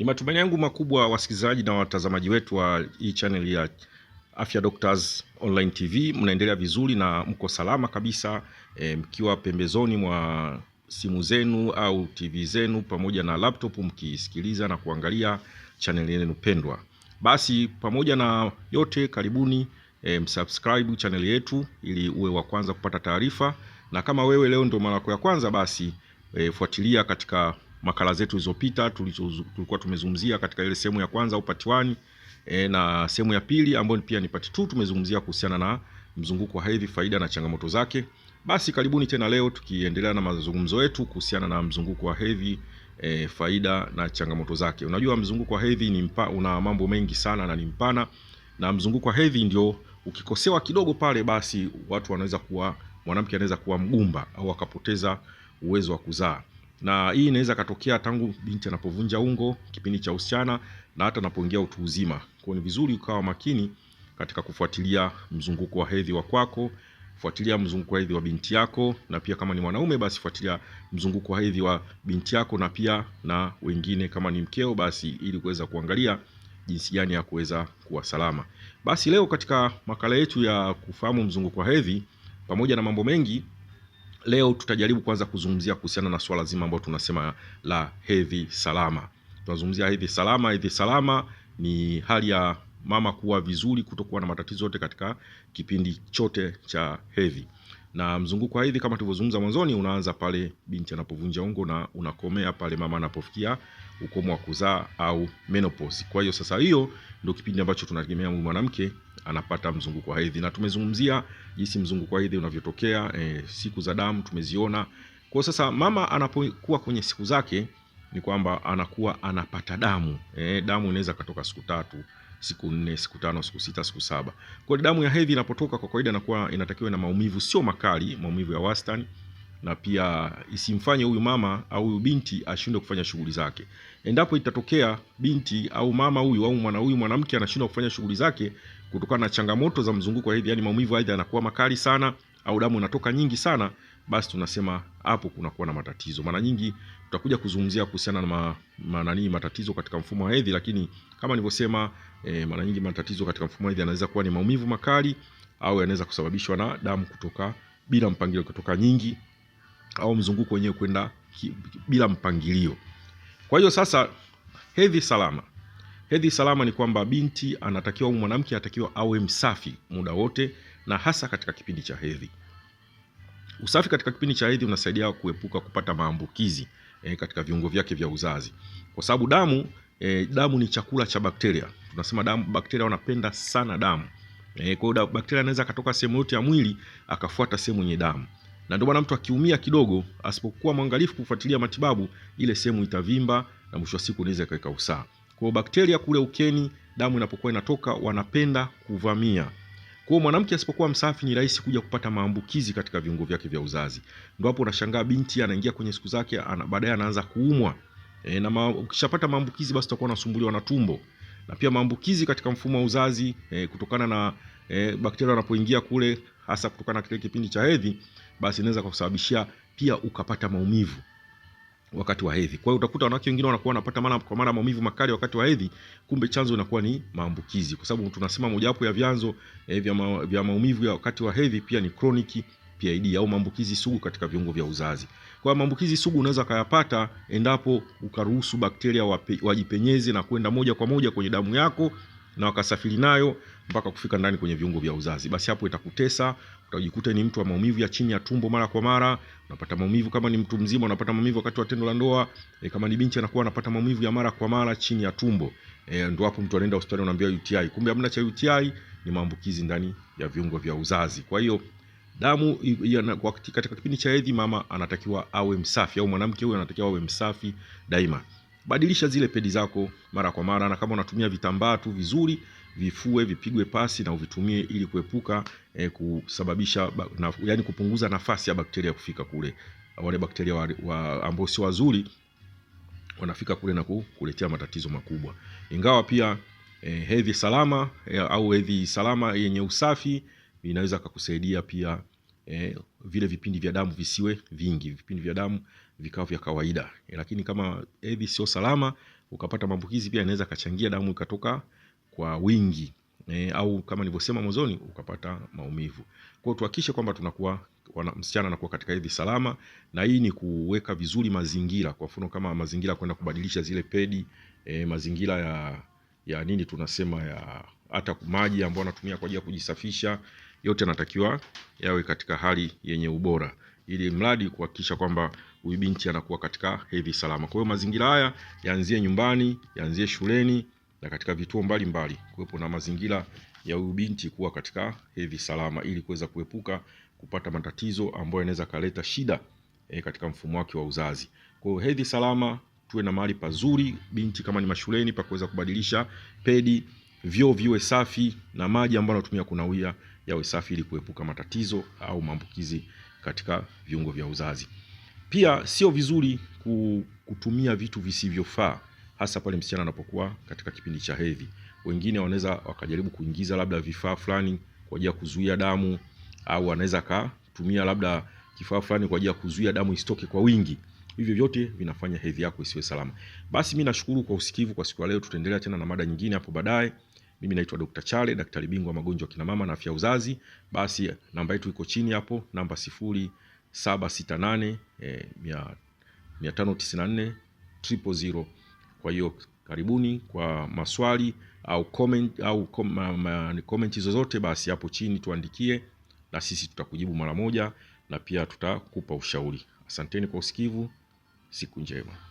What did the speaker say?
Ni matumaini yangu makubwa wasikilizaji na watazamaji wetu wa hii channel ya Afya Doctors Online TV mnaendelea vizuri na mko salama kabisa e, mkiwa pembezoni mwa simu zenu au TV zenu pamoja na laptop mkisikiliza na kuangalia channel yenu pendwa. Basi pamoja na yote, karibuni e, msubscribe channel yetu ili uwe wa kwanza kupata taarifa, na kama wewe leo ndio mara yako ya kwanza, basi e, fuatilia katika makala zetu zilizopita tulikuwa tumezungumzia katika ile sehemu ya kwanza au part 1 e, na sehemu ya pili ambayo pia ni part 2 tumezungumzia kuhusiana na mzunguko wa hedhi, faida na changamoto zake. Basi karibuni tena leo tukiendelea na mazungumzo yetu kuhusiana na mzunguko wa hedhi e, faida na changamoto zake. Unajua mzunguko wa hedhi ni mpa, una mambo mengi sana na ni mpana, na mzunguko wa hedhi ndio ukikosewa kidogo pale, basi watu wanaweza kuwa mwanamke anaweza kuwa mgumba au akapoteza uwezo wa kuzaa na hii inaweza katokea tangu binti anapovunja ungo kipindi cha usichana na hata anapoingia utu uzima. Kwa ni vizuri ukawa makini katika kufuatilia mzunguko wa hedhi wa kwako, fuatilia mzunguko wa hedhi wa binti yako, na pia kama ni mwanaume basi fuatilia mzunguko wa hedhi wa binti yako na pia na wengine kama ni mkeo basi, ili kuweza kuangalia jinsi gani ya kuweza kuwa salama. Basi leo katika makala yetu ya kufahamu mzunguko wa hedhi pamoja na mambo mengi Leo tutajaribu kwanza kuzungumzia kuhusiana na swala zima ambalo tunasema la hedhi salama. Tunazungumzia hedhi salama. Hedhi salama ni hali ya mama kuwa vizuri, kutokuwa na matatizo yote katika kipindi chote cha hedhi. Na mzunguko wa hedhi kama tulivyozungumza mwanzoni, unaanza pale binti anapovunja ungo na unakomea pale mama anapofikia ukomo wa kuzaa au menopause. Kwa hiyo sasa, hiyo ndio kipindi ambacho tunategemea mwanamke anapata mzunguko wa hedhi, na tumezungumzia jinsi mzunguko wa hedhi unavyotokea. E, siku za damu tumeziona. Kwa sasa mama anapokuwa kwenye siku zake ni kwamba anakuwa anapata damu e, damu inaweza katoka siku tatu siku nne siku tano siku sita siku saba. Kwa damu ya hedhi inapotoka, kwa kawaida inakuwa inatakiwa na maumivu sio makali, maumivu ya wastani na pia isimfanye huyu mama au huyu binti ashindwe kufanya shughuli zake. Endapo itatokea binti au mama huyu au mwana huyu mwanamke anashindwa kufanya shughuli zake kutokana na changamoto za mzunguko wa hedhi, yani maumivu aidha yanakuwa makali sana au damu inatoka nyingi sana, basi tunasema hapo kuna kuwa na matatizo. Mara nyingi tutakuja kuzungumzia kuhusiana na ma, ma, nani matatizo katika mfumo wa hedhi, lakini kama nilivyosema, e, mara nyingi matatizo katika mfumo wa hedhi yanaweza kuwa ni maumivu makali au yanaweza kusababishwa na damu kutoka bila mpangilio kutoka nyingi au mzunguko wenyewe kwenda bila mpangilio. Kwa hiyo sasa, hedhi salama, hedhi salama ni kwamba binti anatakiwa au mwanamke anatakiwa awe msafi muda wote, na hasa katika kipindi cha hedhi. Usafi katika kipindi cha hedhi unasaidia kuepuka kupata maambukizi eh, katika viungo vyake vya uzazi, kwa sababu damu eh, damu ni chakula cha bakteria. Tunasema damu, bakteria wanapenda sana damu eh, kwa hiyo bakteria anaweza akatoka sehemu yote ya mwili akafuata sehemu yenye damu na ndio maana mtu akiumia kidogo, asipokuwa mwangalifu kufuatilia matibabu, ile sehemu itavimba na mwisho wa siku inaweza ikaweka usaha. Kwa bakteria kule ukeni, damu inapokuwa inatoka, wanapenda kuvamia. Kwa hiyo mwanamke asipokuwa msafi, ni rahisi kuja kupata maambukizi katika viungo vyake vya uzazi. Ndio hapo unashangaa binti anaingia kwenye siku zake, baadaye anaanza kuumwa e, na ma, ukishapata maambukizi basi utakuwa unasumbuliwa na tumbo na pia maambukizi katika mfumo wa uzazi e, kutokana na e, bakteria wanapoingia kule, hasa kutokana na kile kipindi cha hedhi, basi inaweza kusababishia pia ukapata maumivu wakati wa hedhi. Kwa hiyo utakuta wanawake wengine wanakuwa wanapata mara kwa mara maumivu makali wakati wa hedhi, kumbe chanzo inakuwa ni maambukizi, kwa sababu tunasema mojawapo ya vyanzo eh, vya, ma, vya maumivu ya wakati wa hedhi pia ni kroniki PID au maambukizi sugu katika viungo vya uzazi. Kwa maambukizi sugu unaweza kayapata endapo ukaruhusu bakteria wajipenyeze na kwenda moja kwa moja kwenye damu yako na wakasafiri nayo mpaka kufika ndani kwenye viungo vya uzazi. Basi hapo itakutesa, utajikuta ni mtu wa maumivu ya chini ya tumbo mara kwa mara, unapata maumivu kama ni mtu mzima unapata maumivu wakati wa tendo la ndoa, e, kama ni binti anakuwa anapata maumivu ya mara kwa mara chini ya tumbo. E, ndio hapo mtu anaenda hospitali unaambiwa UTI. Kumbe hamna cha UTI, ni maambukizi ndani ya viungo vya uzazi. Kwa hiyo damu katika kipindi cha hedhi, mama anatakiwa awe msafi, au mwanamke huyo anatakiwa awe msafi daima. Badilisha zile pedi zako mara kwa mara, na kama unatumia vitambaa tu vizuri vifue, vipigwe pasi na uvitumie ili kuepuka eh, kusababisha na, yani kupunguza nafasi ya bakteria kufika kule, wale bakteria wa, wa ambao sio wazuri wanafika kule na kuletea matatizo makubwa. Ingawa pia eh, hedhi salama eh, au hedhi salama yenye usafi inaweza kakusaidia pia eh, vile vipindi vya damu visiwe vingi, vipindi vya damu vikao vya kawaida eh, lakini kama hedhi sio salama ukapata maambukizi pia inaweza kachangia damu ikatoka kwa wingi eh, au kama nilivyosema mwanzoni ukapata maumivu. Kwa tuhakikishe kwamba tunakuwa wana, msichana anakuwa katika hedhi salama, na hii ni kuweka vizuri mazingira, kwa mfano kama mazingira kwenda kubadilisha zile pedi eh, mazingira ya ya nini tunasema ya hata maji ambayo anatumia kwa ajili ya kujisafisha yote yanatakiwa yawe katika hali yenye ubora ili mradi kuhakikisha kwamba huyu binti anakuwa katika hedhi salama. Kwa hiyo mazingira haya yaanzie nyumbani, yaanzie shuleni na katika vituo mbalimbali, kuwepo na mazingira ya huyu binti kuwa katika hedhi salama ili kuweza kuepuka kupata matatizo ambayo yanaweza kaleta shida e, katika mfumo wake wa uzazi. Kwa hiyo hedhi salama, tuwe na mahali pazuri binti, kama ni mashuleni, pa kuweza kubadilisha pedi, vyoo viwe safi na maji ambayo anatumia kunawia yawe safi ili kuepuka matatizo au maambukizi katika viungo vya uzazi. Pia sio vizuri kutumia vitu visivyofaa hasa pale msichana anapokuwa katika kipindi cha hedhi. Wengine wanaweza wakajaribu kuingiza labda vifaa fulani kwa ajili ya kuzuia damu au anaweza akatumia labda kifaa fulani kwa ajili ya kuzuia damu isitoke kwa wingi. Hivyo vyote vinafanya hedhi yako isiwe salama. Basi mimi nashukuru kwa usikivu kwa siku ya leo. Tutaendelea tena na mada nyingine hapo baadaye. Mimi naitwa Dr. Chale, daktari bingwa magonjwa kina mama na afya uzazi. Basi namba yetu iko chini hapo, namba 0768 eh, 594 000. Kwa hiyo karibuni kwa maswali au comment, au comment zozote, basi hapo chini tuandikie na sisi tutakujibu mara moja na pia tutakupa ushauri. Asanteni kwa usikivu. Siku njema.